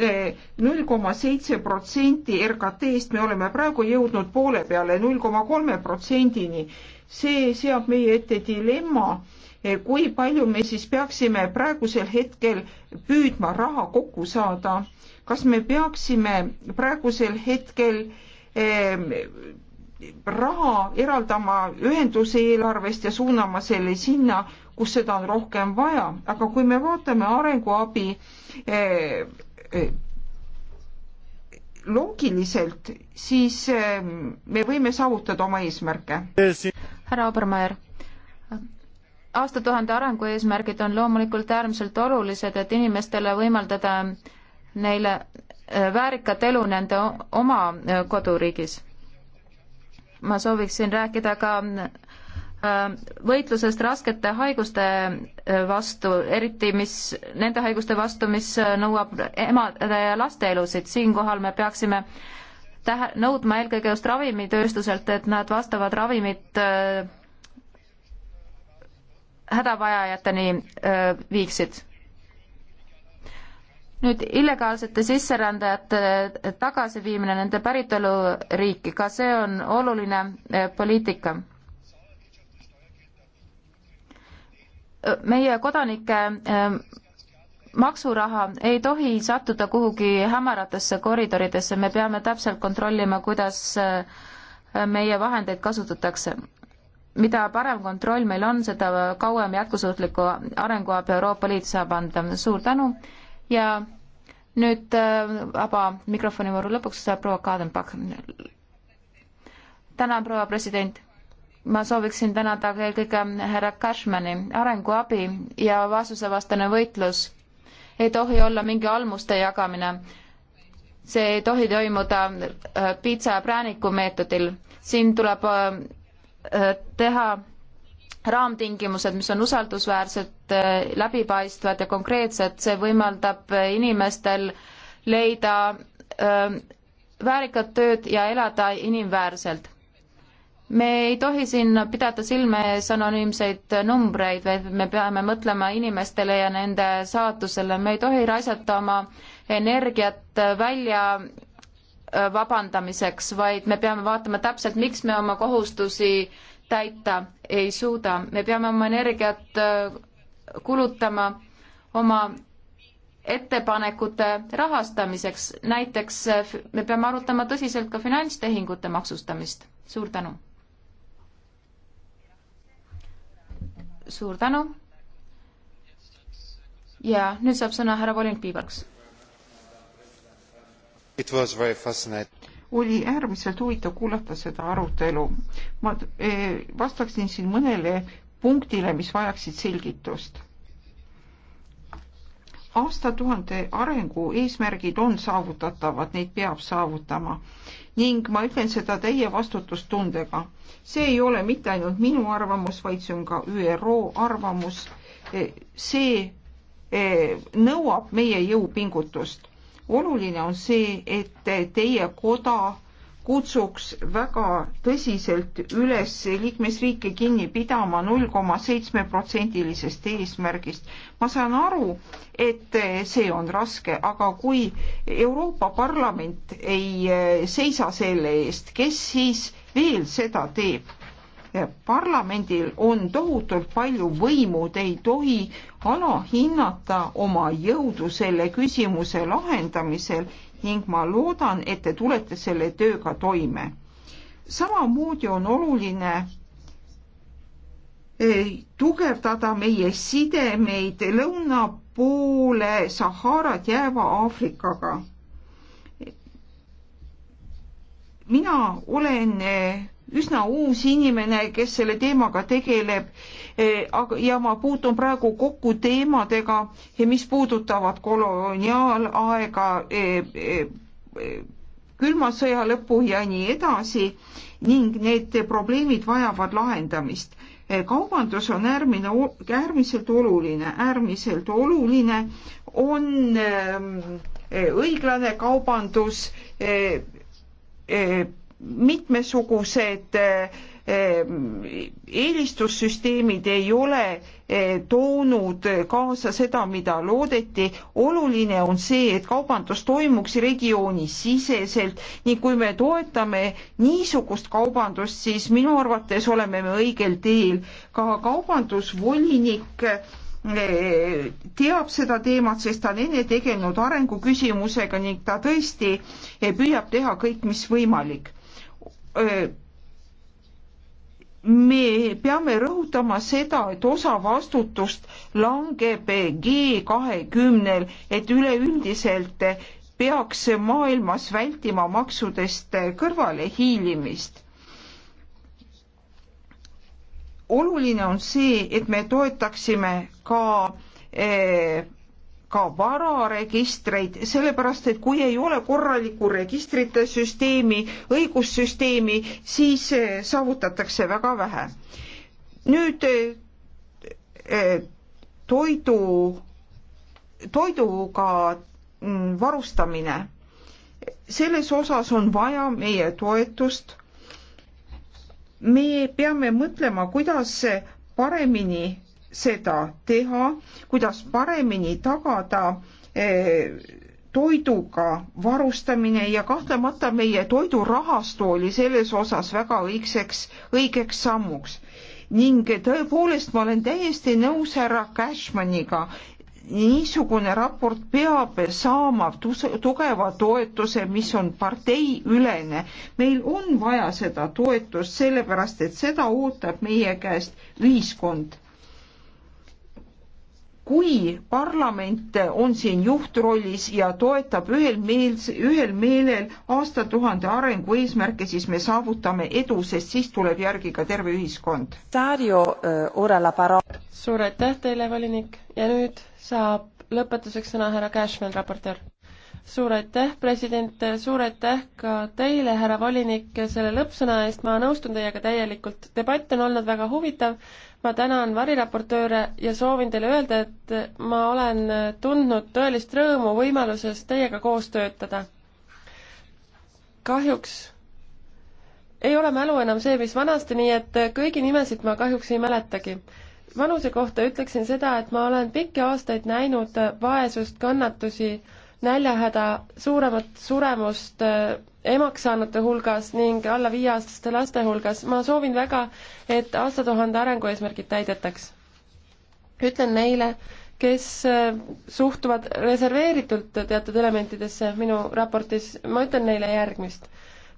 null koma seitse protsenti RKT-st, me oleme praegu jõudnud poole peale null koma kolme protsendini. see seab meie ette dilemma Eh, kui palju me siis peaksime praegusel hetkel püüdma raha kokku saada, kas me peaksime praegusel hetkel eh, raha eraldama ühenduse eelarvest ja suunama selle sinna, kus seda on rohkem vaja, aga kui me vaatame arenguabi eh, loogiliselt, siis me võime saavutada oma eesmärke. härra Obermeier aastatuhande arengueesmärgid on loomulikult äärmiselt olulised, et inimestele võimaldada neile äh, väärikat elu nende oma äh, koduriigis. ma sooviksin rääkida ka äh, võitlusest raskete haiguste vastu, eriti mis, nende haiguste vastu, mis nõuab emade ja laste elusid, siinkohal me peaksime tähe-, nõudma eelkõige just ravimitööstuselt, et nad vastavad ravimid äh, hädavajajateni viiksid. nüüd illegaalsete sisserändajate äh, tagasiviimine nende päritoluriiki, ka see on oluline äh, poliitika meie kodanike ähm, maksuraha ei tohi sattuda kuhugi hämaratesse koridoridesse, me peame täpselt kontrollima, kuidas äh, meie vahendeid kasutatakse mida parem kontroll meil on, seda kauem jätkusuutliku arenguabi Euroopa Liit saab anda. suur tänu ja nüüd äh, vaba mikrofoni vooru lõpuks saab proua Kadenbach. tänan, proua president. ma sooviksin tänada eelkõige härra Cashmani. arenguabi ja vaesusevastane võitlus ei tohi olla mingi almuste jagamine see ei tohi toimuda äh, piitsa ja prääniku meetodil. siin tuleb äh, teha raamtingimused, mis on usaldusväärsed, läbipaistvad ja konkreetsed, see võimaldab inimestel leida väärikat tööd ja elada inimväärselt. me ei tohi siin pidada silme ees anonüümseid numbreid, vaid me peame mõtlema inimestele ja nende saatusele, me ei tohi raisata oma energiat äh, välja Äh, vabandamiseks, vaid me peame vaatama täpselt, miks me oma kohustusi täita ei suuda. me peame oma energiat äh, kulutama oma ettepanekute rahastamiseks, näiteks äh, me peame arutama tõsiselt ka finantstehingute maksustamist. suur tänu! suur tänu! ja nüüd saab sõna härra volinik Piibalks oli äärmiselt huvitav kuulata seda arutelu. ma eh, vastaksin siin mõnele punktile, mis vajaksid selgitust. aastatuhande arengu eesmärgid on saavutatavad, neid peab saavutama ning ma ütlen seda täie vastutustundega. see ei ole mitte ainult minu arvamus, vaid see on ka ÜRO arvamus. Eh, see eh, nõuab meie jõupingutust oluline on see, et teie koda kutsuks väga tõsiselt üles liikmesriike kinni pidama null koma seitsme protsendilisest eesmärgist. ma saan aru, et see on raske, aga kui Euroopa Parlament ei seisa selle eest, kes siis veel seda teeb? parlamendil on tohutult palju võimu, te ei tohi alahinnata oma jõudu selle küsimuse lahendamisel ning ma loodan, et te tulete selle tööga toime. samamoodi on oluline e, tugevdada meie sidemeid lõuna poole Saharat jääva Aafrikaga. mina olen e, üsna uus inimene, kes selle teemaga tegeleb Eh, ja ma puutun praegu kokku teemadega, eh, mis puudutavad koloniaalaega, eh, külma sõja lõpu ja nii edasi ning need probleemid vajavad lahendamist. kaubandus on äärmine, äärmiselt oluline, äärmiselt oluline on ehm, õiglane kaubandus, mitmesugused äh, Ehm, eelistussüsteemid ei ole eh, toonud kaasa seda, mida loodeti. oluline on see, et kaubandus toimuks regioonis siseselt ning kui me toetame niisugust kaubandust, siis minu arvates oleme me õigel teel. ka kaubandusvolinik eh, teab seda teemat, sest ta on enne tegelenud arenguküsimusega ning ta tõesti eh, püüab teha kõik, mis võimalik me peame rõhutama seda, et osa vastutust langeb G kahekümnel, et üleüldiselt peaks maailmas vältima maksudest kõrvalehiilimist. oluline on see, et me toetaksime ka eh, ka vararegistreid, sellepärast et kui ei ole korralikku registrite süsteemi, õigussüsteemi, siis eh, saavutatakse väga vähe. nüüd eh, eh, toidu, toiduga mm, varustamine, selles osas on vaja meie toetust. me peame mõtlema, kuidas paremini seda teha, kuidas paremini tagada eh, toiduga varustamine ja kahtlemata meie toidurahastu oli selles osas väga õigseks, õigeks sammuks. ning tõepoolest, ma olen täiesti nõus härra Cashmaniga, niisugune raport peab saama tugeva toetuse, mis on parteiülene. meil on vaja seda toetust, sellepärast et seda ootab meie käest ühiskond kui parlament on siin juhtrollis ja toetab ühel meel, ühel meelel aastatuhande arengu eesmärke, siis me saavutame edu, sest siis tuleb järgi ka terve ühiskond. Äh, suur aitäh teile, volinik, ja nüüd saab lõpetuseks sõna härra Cashman, raportöör. suur aitäh, president, suur aitäh ka teile, härra volinik, selle lõppsõna eest, ma nõustun teiega täielikult, debatt on olnud väga huvitav ma tänan variraportööre ja soovin teile öelda, et ma olen tundnud tõelist rõõmu võimalusest teiega koos töötada. kahjuks ei ole mälu enam see, mis vanasti, nii et kõigi nimesid ma kahjuks ei mäletagi. vanuse kohta ütleksin seda, et ma olen pikki aastaid näinud vaesust, kannatusi, näljahäda, suuremat suremust, emaks saanute hulgas ning alla viieaastaste laste hulgas. ma soovin väga, et aastatuhande arengueesmärgid täidetaks. ütlen neile, kes äh, suhtuvad reserveeritult teatud elementidesse minu raportis, ma ütlen neile järgmist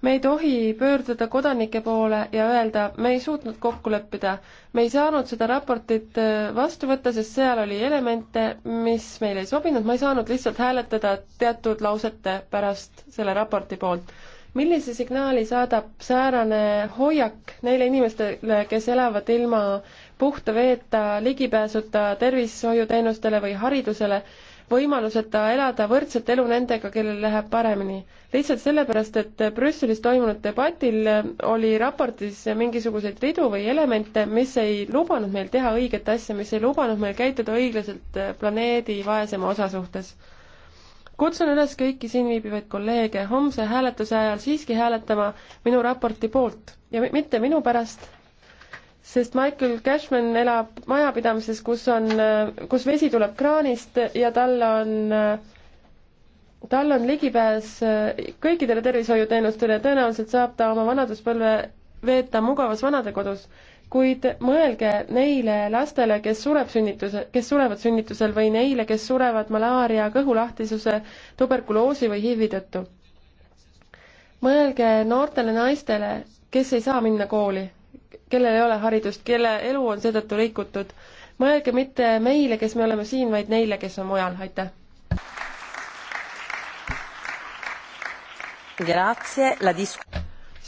me ei tohi pöörduda kodanike poole ja öelda, me ei suutnud kokku leppida. me ei saanud seda raportit äh, vastu võtta, sest seal oli elemente, mis meile ei sobinud, ma ei saanud lihtsalt hääletada teatud lausete pärast selle raporti poolt. millise signaali saadab säärane hoiak neile inimestele, kes elavad ilma puhta veeta, ligipääsuta tervishoiuteenustele või haridusele, võimaluseta elada võrdset elu nendega, kellel läheb paremini. lihtsalt sellepärast, et Brüsselis toimunud debatil oli raportis mingisuguseid ridu või elemente, mis ei lubanud meil teha õiget asja, mis ei lubanud meil käituda õiglaselt planeedi vaesema osa suhtes. kutsun üles kõiki siin viibivaid kolleege homse hääletuse ajal siiski hääletama minu raporti poolt ja mitte minu pärast, sest Michael Cashman elab majapidamises, kus on, kus vesi tuleb kraanist ja tal on, tal on ligipääs kõikidele tervishoiuteenustele ja tõenäoliselt saab ta oma vanaduspõlve veeta mugavas vanadekodus. kuid mõelge neile lastele, kes sureb sünnituse, kes surevad sünnitusel või neile, kes surevad malaaria, kõhulahtisuse, tuberkuloosi või HIV-i tõttu. mõelge noortele naistele, kes ei saa minna kooli kellel ei ole haridust, kelle elu on seetõttu rikutud. mõelge mitte meile, kes me oleme siin, vaid neile, kes on mujal, aitäh.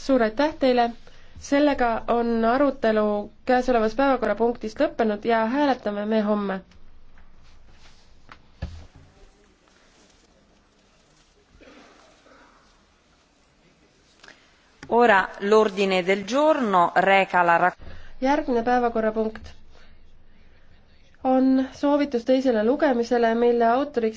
suur aitäh teile, sellega on arutelu käesolevas päevakorrapunktis lõppenud ja hääletame me homme Ora l'ordine del giorno reca la rak-. järgmine päevakorrapunkt on soovitus teisele lugemisele, mille autoriks